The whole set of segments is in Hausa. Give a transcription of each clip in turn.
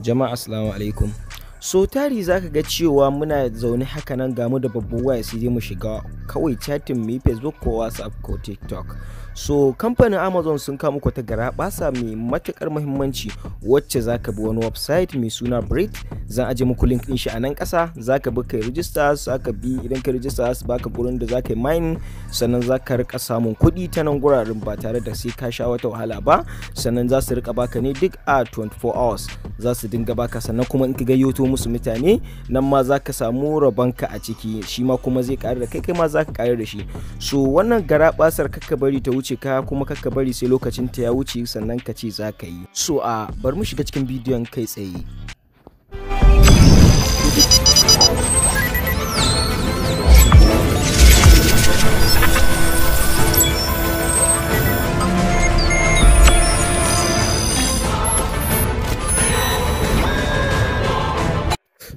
jama'a assalamu alaikum so tari zaka ga cewa muna zaune haka nan gamu da babban waya sai dai mu shiga kawai chatin mu facebook ko whatsapp ko tiktok so kamfanin amazon sun kama kwata gara basa mai matukar muhimmanci wacce za ka bi wani website mai suna brit zan aje muku link din shi a nan kasa za ka bi kai register ka bi idan kai register su baka gurin da ka yi mining sannan ka rika samun kuɗi ta nan guraren ba tare da sai ka sha wata wahala ba sannan za su rika baka ne duk a 24 hours za su dinga baka sannan kuma in ka gayyato musu mutane nan ma za ka samu rabonka a ciki shi ma kuma zai ƙare da kai kai ma za ka ƙare da shi so wannan gara basar kakka bari ta wuce cika kuma kakka bari sai lokacin ta ya wuce sannan ka ce za ka yi so a bar mu shiga cikin bidiyon kai tsaye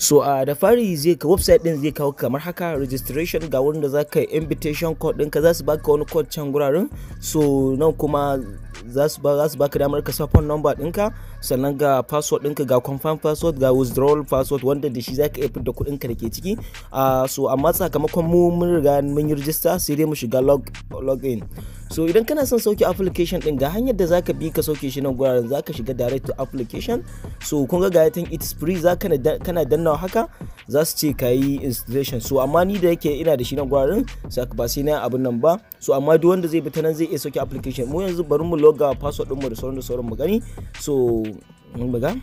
so uh, da fari zai ka website din zai kawo kamar haka registration ga wurin da za ka invitation code ɗinka za su baka wani code can guraren so nan kuma za su baka damar ka sa phone number ɗinka sannan ga password ɗinka ga confirm password ga withdrawal password wanda da shi zaka iya da kuɗin ka dake ciki so amma sakamakon mu mun riga mun yi register sai dai mu shiga log in so idan kana son sauke application din ga hanyar da zaka bi ka sauke shi nan guraren zaka shiga direct to application so kun ga yatan it's free za kana dannawa haka za su ce ka yi installation so amma ni da yake ina da shi nan guraren ba sai na abin nan ba so amma duk wanda zai bi ta nan zai iya sauke application mu yanzu bari mu log log ga password ɗinmu da sauran da sauran mu gani so mun buga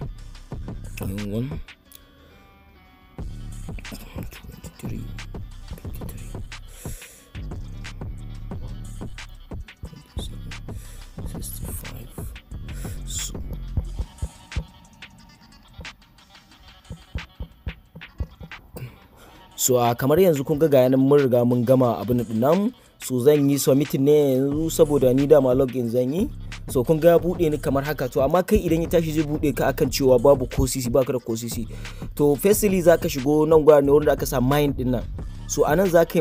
so a kamar yanzu kun ga ga mun riga mun gama abin din namu su zan yi submitting ne yanzu saboda ni dama login zan yi so kun ga bude ni kamar haka to amma kai idan ya tashi zai bude ka akan cewa babu ko ba baka da ko sisi to firstly zaka shigo nan gwa ne wanda aka sa mind din nan so a nan za ka yi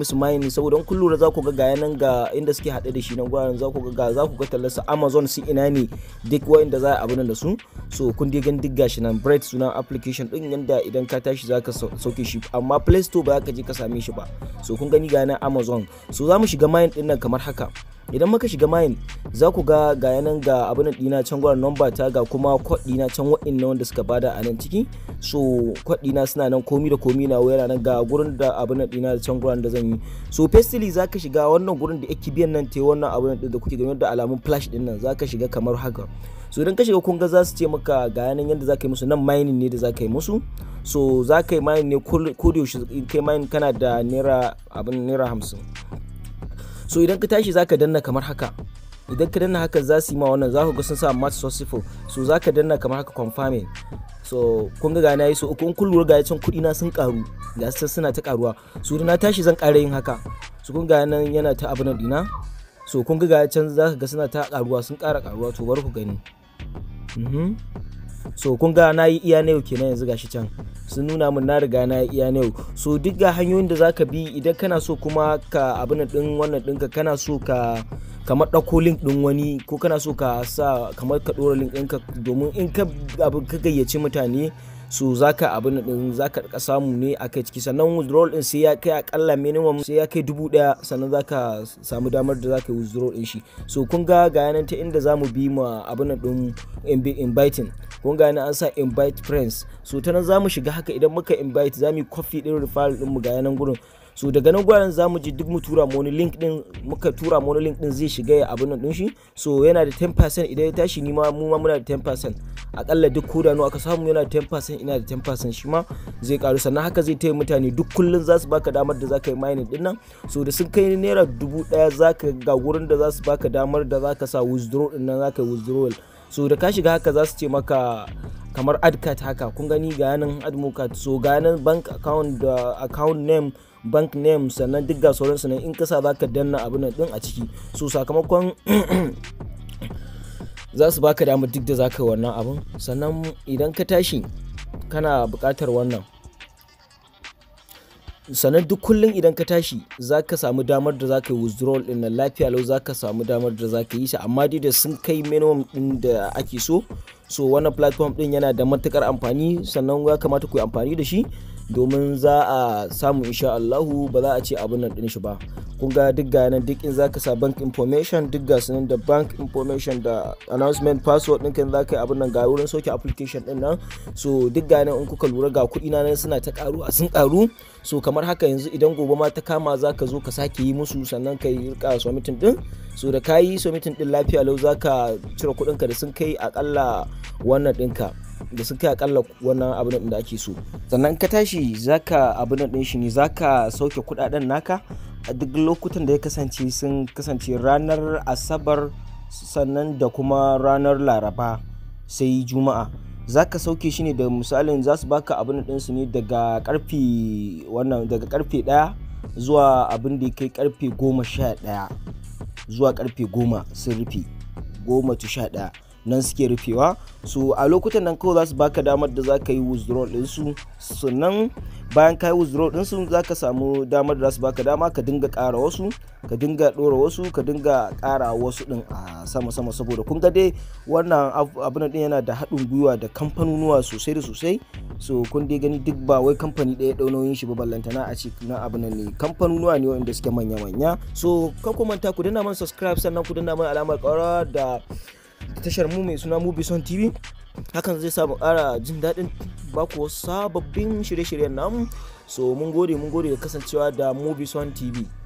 musu mining saboda in kun lura za ku ga gaya nan ga inda suke haɗe da shi nan guraren za ku ga za ku ga tallarsa amazon su ina ne duk wa'inda za a nan da su so kun dai gan duk gashi nan bright sunan application din yanda idan ka tashi za ka sauke shi amma play store ba za ka je ka same shi ba so kun gani ga nan amazon so za mu shiga mining din nan kamar haka idan muka shiga mayin za ku ga ga yanan ga abin dina can gwara number ta ga kuma kwaɗi na can na wanda suka bada a nan ciki so kwaɗi na suna nan komi da komi na wayar nan ga gurin da abin dina da can gwara da zan yi so festival za ka shiga wannan gurin da yake biyan nan te wannan abin da kuke gani da alamun flash din nan za ka shiga kamar haka so idan ka shiga kun ga za su ce maka ga yanan yadda za ka yi musu nan mining ne da za ka yi musu so za ka yi mining ne ko da yaushe in kai mining kana da naira abin naira hamsin so idan ka tashi zaka danna kamar haka idan ka danna haka za su yi ma wannan za ku ga sun sa match successful so za ka danna kamar haka confirming so kun ga na yi so uku kun lura ga yacin kuɗi na sun karu ga su suna ta karuwa so na tashi zan ƙara yin haka so kun ga nan yana ta na dina so kun ga yacin za ka ga suna ta karuwa sun ƙara karuwa to bar ku gani mm-hmm. so kun ga na yi iya na kenan yanzu gashi can sun nuna min na riga na iya na so duk ga hanyoyin da zaka bi idan kana so kuma ka abin din wannan dinka kana so ka kamar ɗauko link ɗin wani ko kana so ka sa kamar ka ɗora link ɗinka domin in ka gayyaci mutane su zaka abin din zaka ka samu ne a kai ciki sannan withdrawal din sai ya kai akalla minimum sai ya kai dubu daya sannan zaka samu damar da zaka yi withdrawal din shi so kun ga ga yanan ta inda zamu bi ma abin din inviting kun ga an sa invite friends so ta nan zamu shiga haka idan muka invite zamu yi coffee din referral din mu ga yanan gurin so daga nan gwanin za mu ji duk mu tura mu wani link din muka tura mu wani link din zai shiga ya abin nan din shi so yana da 10% idan ya tashi ni ma mu ma muna da 10% akalla duk koda no aka samu yana da 10% ina da 10% shi ma zai karu sannan haka zai taya mutane duk kullun za su baka damar da za ka yi mining din nan so da sun kai naira dubu daya za ka ga gurin da za su baka damar da za ka sa withdraw din nan za ka yi withdrawal so da ka shiga haka za su ce maka kamar adcat haka kun gani ga yanan admocat so ga yanan bank account da account name bank name sannan duk ga sauransu nan in kasa za ka danna abin din a ciki so sakamakon za su baka damar duk da zaka wannan abun sannan idan ka tashi kana buƙatar wannan sannan duk kullum idan ka tashi za ka samu damar da za ka yi withdrawal ɗin nan lafiya lau za ka samu damar da za ka yi shi amma dai da sun kai minimum ɗin da ake so so wannan platform din yana da matukar amfani sannan ya kamata ku yi amfani da shi domin za a samu insha Allahu ba za a ce abin nan din shi ba kun ga duk ga nan duk in zaka sa bank information duk ga sunan da bank information da announcement password din kan zaka yi abin nan ga wurin soke application din nan so duk ga nan in kuka lura ga kuɗi na nan suna ta karu a sun karu so kamar haka yanzu idan gobe ma ta kama zaka zo ka sake yi musu sannan kai yi rika submitting din so da kayi submitting din lafiya lau zaka cire ka da sun kai akalla wannan ɗinka da suka kai akalla wannan abin da da ake so sannan ka tashi zaka abin din shi ne zaka sauke kudaden naka a duk lokutan da ya kasance sun kasance ranar asabar sannan da kuma ranar laraba sai juma'a zaka sauke shi ne da misalin za su baka abin din su ne daga karfe wannan daga karfe 1 zuwa abin da ya kai karfe 11 zuwa karfe 10 sun rufe 10 to 11 nan suke rufewa so a lokutan nan kawai za su baka damar da za ka yi withdrawal ɗinsu sannan bayan ka yi withdrawal ɗinsu za ka samu damar da za su baka dama ka dinga ƙara wasu ka dinga ɗora wasu ka dinga kara wasu ɗin a sama-sama saboda kun ga dai wannan abin ɗin yana da haɗin gwiwa da kamfanonuwa sosai da sosai so kun dai gani duk ba wai kamfani ɗaya nauyin shi ba ballantana a ce na abin ne kamfanonuwa ne wanda suke manya-manya so kan ku manta ku danna man subscribe sannan ku danna man alamar ƙara da tashar mu mai suna mubi Son TV hakan zai sa kara jin daɗin bako sababbin shirye-shiryen namu so mun gode mun gode da kasancewa da mubi Son TV